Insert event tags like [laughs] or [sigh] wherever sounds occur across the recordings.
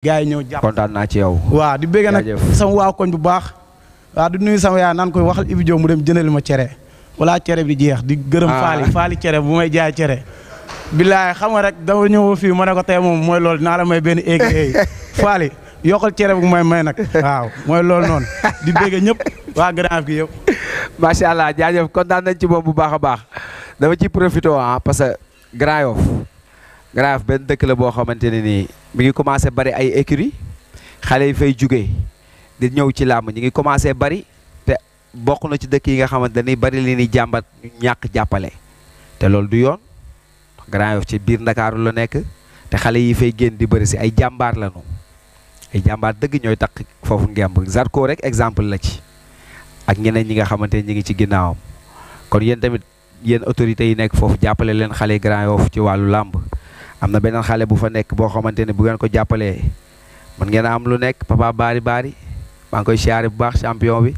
gars yi ñëw jàpp kontaan naa ci yow. waa di bëgg nag sama waaw koñ bu baax. waaw di nuyu sama yaay naan koy wax Ibi Diop mu dem jëndali ma cere. wala cere bi jeex di gërëm. faali ah. faali cere bu may jaay cere. billaay xam nga rek dama ñëw fii ma ne ko tey moom mooy lool naa la benn egg egg [laughs] faali cere bu may may nag. waaw mooy loolu noonu di bëgg ñëpp waa grand bi yëpp. macha allah jaajëf kontaan nañ ci moom bu baax a baax dama ci profité ah parce que Grand Yoff Graaf benn dëkk la boo xamante ne nii mi ngi commencé bari ay écurie xale yi fay juge di ñëw ci làmb ñi ngi commencé bari te bokk na ci dëkk yi nga xamante ne bari li ni jàmbat ñu jàppale te loolu du yoon Grand Yoff ci biir Ndakaaru la nekk te xale yi fay génn di bëri si ay jàmbaar lañu ay jàmbaar dëgg ñooy takk foofu ngemb Zarko rek exemple la ci ak ñeneen ñi nga xamante ne ñi ngi ci ginnaawam kon yéen tamit yéen autorités yi nekk foofu jàppale leen xale Grand Yoff ci wàllu làmb am na beneen xale bu fa nekk boo xamante ne bu ngeen ko jàppalee mën ngeen am lu nekk papa baari baari maa ngi koy siyaare bu baax champion bi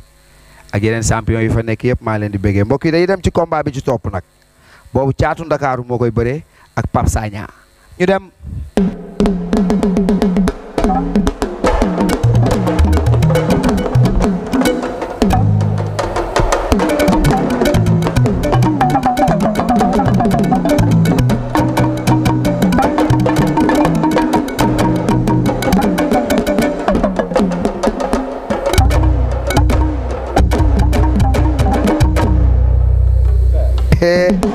ak yeneen champion yi fa nekk yëpp maa leen di bëggee mbokk yi dañuy dem ci combat bi ci topp nag boobu caatu ndakaaru moo koy bare ak Pape Sagna ñu dem. sa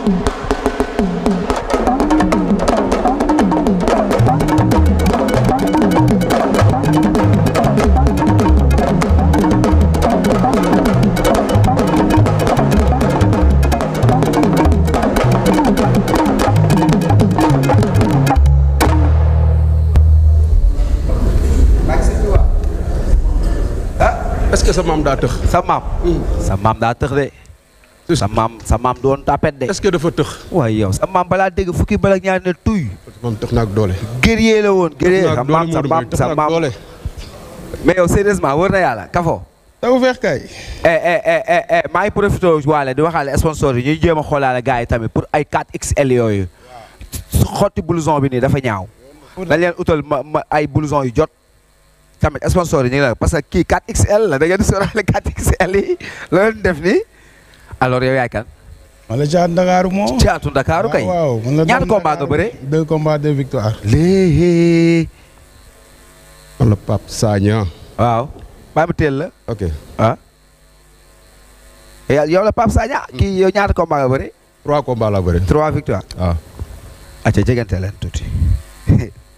maam daa tëx sa maam hmm. sa maam daa tëx de sa maam sa maam doon tapet de. est-ce que dafa tëx. waaye yow sa maam balaa dégg fukki bala ñaar ne tuy. man tëx na ak doole. guerrier la woon. sa maam sa yow sérieusement wër na yàlla kafo. taw feex eh, eh, eh, waale di waxaale sponsor yi ñuy jéem a xoolaale gars tamit pour ay 4XL yooyu. xotti blouson bi dafa ñaaw. dañ leen utal ay blouson yu jot. tamit sponsor yi ñu ngi parce que kii 4XL la da ngeen di sóoraale 4XL yi la leen def alors yow yaay kan. man la caatu Ndakaaru moo. caatu Ndakaaru kay. waaw man la ñaata combat nga bëre. deux combats deux waaw. baa mu teel la. ok ah. eh, yow la Pape Sagna. kii yow ñaata combat nga trois combats la trois victoires. waaw. Ah. acca jegante tuuti.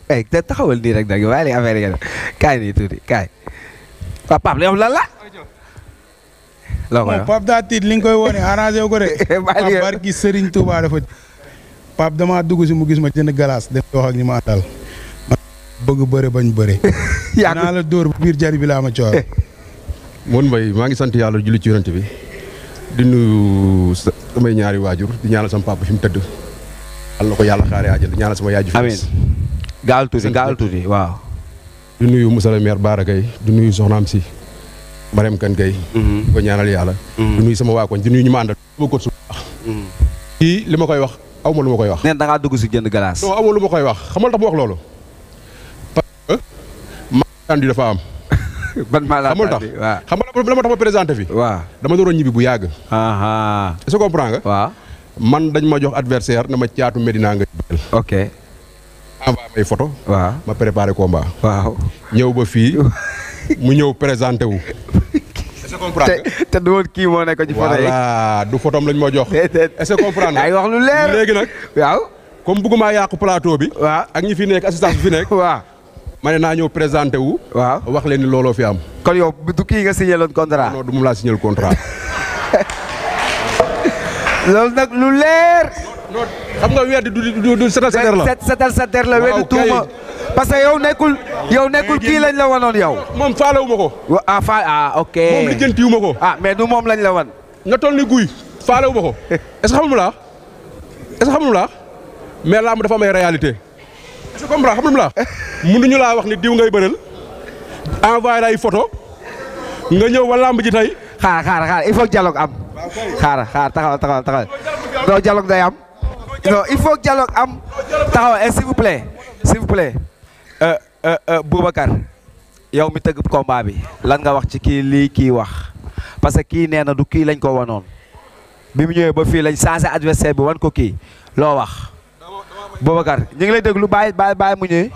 ay [laughs] eh, taxawal nii rek nag waaye léegi affaire yi nga def kaay nii tuuti yow lan la ko Pape daa tiit li nga koy wone arrangé wu ko de. [laughs] Eh, Pape barki Serigne Touba dafa. Pape damaa dugg si mu gis ma jënd galaas def wax ak ñi ma àndal. bëgg bëre bañ bëre. [laughs] yaa naa la dóor biir jari bi laa ma coor. Mon [laughs] Mbaye maa ngi sant yàlla julli ci yonent bi di nuyu samay ñaari waajur di ñaanal sama papa fi tëdd. al na ko yàlla xaaree àjjal di ñaanal sama yaay ju. amiin gaal tuuti gaal tuuti waaw. di nuyu monsieur le maire Bara Gaye nuyu soxnaam si. Marème Kane Gueye mhm. di ñaanal yàlla mhm. di nuyu sama waa koñ di ñu ma àndal sama kot su baax mhm. kii li ma koy wax aw ma lu ma koy wax nee da ngaa dugg si jënd galaas soo aw lu ma koy wax xamal tax ma wax loolu [laughs] dafa am [laughs] ban maladie xamal tax xamal la ma tax ma présenté fi waaw dama doon ñibbi bu yàgg est-ce que comprend nga man dañ ma jox adversaire na ma caatu Medina nga ok envoyé may photo waaw ma préparé combat ñëw ba fii [laughs] mu ñëw présenté wu est-ce que comprendre te te du woon kii moo nekk ci du photom lañ moo jox. est-ce que ay wax lu leer léegi nag. waaw comme bëgguma yàqu plateau bi. waaw ak ñi fi nekk assistance bi fi nekk. waaw ma ne naa ñëw présenté wu. waaw wax leen ni looloo fi am. kon yow du kii nga signé loon contrat. non du mu laa signé contrat. [laughs] loolu nag lu leer. xam nga weer du du du sa der la. setal sa weer di tuuma. parce que yow nekkul yow nekkul lañ la wanoon yow. moom faalewu ma ko. ah fa ah ok. moom lijjantiwu ma ko. ah mais du moom lañu la wan. nga toll ni guy faalewu ma ko [laughs] est-ce que la est-ce dafa am ay réalité est-ce que la [laughs] wax ni diw ngay bëreel envoyé la ay photo nga ñëw wa làmb ji tey. xaar xaar xaar il faut dialogue am. xaar taxawal taxawal taxawal. doo dialogue day am. il faut dialogue am. taxawal eh, s'il vous vous plaît. Euh, euh, euh, Boubacar yow mi tëgg combat bi lan wax ci kii lii kii wax parce que kii nee na du kii lañ ko wanoon mi mu ñëwee ba fii lañ changé adversaire bi wan ko kii loo wax Boubacar ñu ngi lay déglu bàyyi bàyyi bàyyi mu ñëwee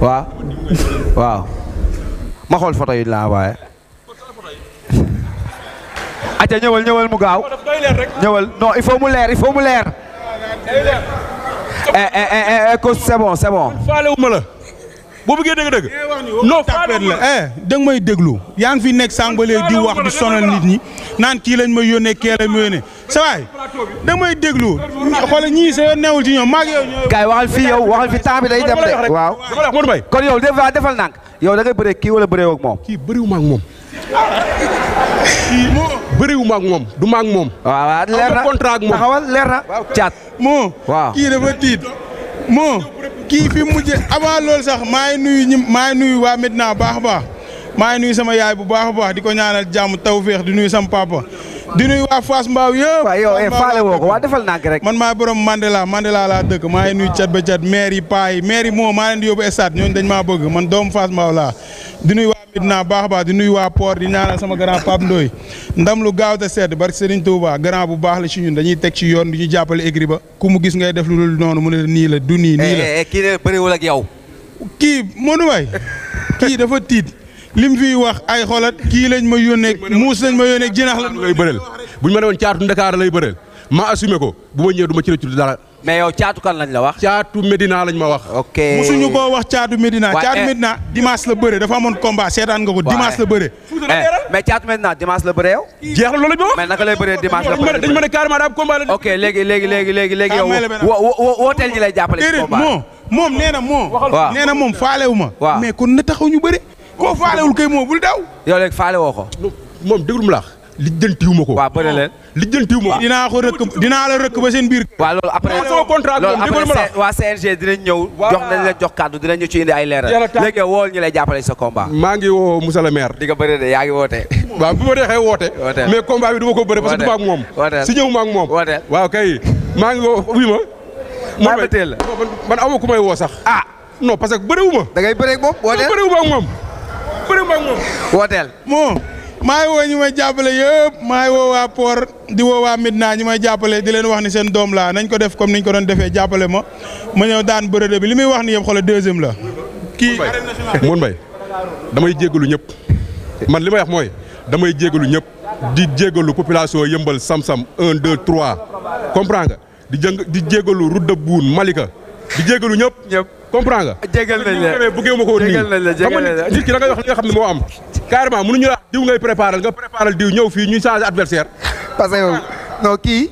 waaw ma xool photo yi la waaye acca ñëwal ñëwal mu gaaw ñëwal il faut leer il faut mu leer ko eh, eh, eh, c'est bon c'est bon. faalewuma la. boo bëggee dëgg-dëgg. non faalewuma la may déglu. yaa ngi fi nekk sànq ba léegi di wax di sonal nit ñi naan kii lañ ma yónnee kee lañ ma yónnee sa da nga may déglu xoolal ñii sa yoon neewul ci ñoom maa ngi yow. wax waxal fii yow waxal fi temps bi day dem de. waaw kon yow defal nànk yow da ngay bëree kii wala bëree ak kii bëriwuma ak moom. bëriwu ma ak moom du ma ak moom. waaw waaw leer na contrat ak moom taxawal caat. moo kii dafa tiit moo kii fi mu avant loolu sax maa ngi nuyu maa ngi nuyu waa Medina baax a baax maa ngi nuyu sama yaay bu baax baax di ko ñaanal jàmm tawféex di nuyu sama papa. di nuyu waa Fass Mbao yëpp. waaw yow eh, faale woo ko waa defal naa rek. man maa borom Mandela Mandela laa dëkk maa ngi nuyu cat ba cat maire yi paa yi moo maa leen di yóbbu stade ñooñu dañ maa bëgg man doomu Fass Mbao laa di nuyu. Medina baax baax di nuyu waa port di ñaanal sama grand Pape Ndoye ndam lu gaaw te sedd barke Serigne Touba grand bu baax la ci ñun dañuy teg ci yoon di ñu jàppale écrit ba ku mu gis ngay def lu noonu mu ne nii la du nii nii la eh, eh, kii ne bëriwul ak yow kii mënu waay kii dafa tiit lim fiy wax ay xolat kii lañ ma yónnee muus lañ ma yónnee jinax la lay bëreel buñ ma ne woon caatu Ndakaar lay bëreel ma assumé ko bu ma ñëwee du ma ci rëccu dara mais yow caatu kan lañ la wax. caatu Medina lañ ma wax. ok musuñu koo wax caatu Medina. caatu eh. Medina dimanche la bëre dafa amoon combat seetaan nga ko dimanche la bëre. Eh, mais caatu Medina dimanche la bëre yow. jeexal loolu bi wax mais naka lay bëree dimanche la bëre dañu ma ne carrément daa am combat la. ok léegi léegi léegi léegi léegi yow wo wooteel ñi lay jàppale ci moom moom nee na moom. waaw nee moom faale wu ma. waaw mais kon na taxaw ñu bëre. koo faalewul kay moom bul daw. yow léegi faale ko. moom déglu mu la lijjantiwu ma ko. waaw bëri leen lijjantiwu ma ko. dinaa ko rëkk dinaa la rëkk ba seen biir. waaw loolu après loolu après waa CNG dinañ ñëw. jox nañ la jox kàddu dinañ ñu ci ay leeral. léegi wool ñu lay jàppale sa combat. maa ngi woo Moussa le maire. di nga bëri de yaa ngi woote. [laughs] waaw bu ma dee xëy woote. mais combat bi du ma ko bëre parce que du ma moom. si ñëw ma moom. waaw kay maa ngi woo wuyu ma. maa ngi teel la man amoo ku may woo sax. ah no parce que bëriwu ma. da ngay bëre ak moom wooteel bëriwu ma ak moom. maa ngi woo ñi may jàppale yëpp maa ngi woo waa Port di woo waa Midna ñi may jàppale di leen wax ni seen doom laa nañ ko def comme niñ ko doon defee jàppale ma ma ñëw daan bërëb bi li may wax ni yëpp xoolal deuxième la. kii Mourou Mbaye damay jéggalu ñëpp man li may wax mooy damay jéggalu ñëpp di jéggalu population yëmbal samsam sam un deux trois comprends nga di jëng di jéggalu route de Boune Malika di jéggalu ñëpp. ñëpp comprends nga. jégal nañ la ma ko woon nii jégal nañ la jégal nañ la xam am diw ngay préparer nga préparer diw ñëw fii ñuy changer adversaire parce que yow kii.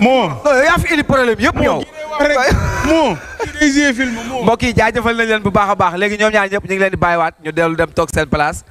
moo. yaa fi indi problème yëpp yow. moo. mbokk jaa jaajëfal nañ leen bu baax a baax léegi ñoom ñaar ñëpp ñu ngi leen di bàyyiwaat ñu dellu dem toog seen place.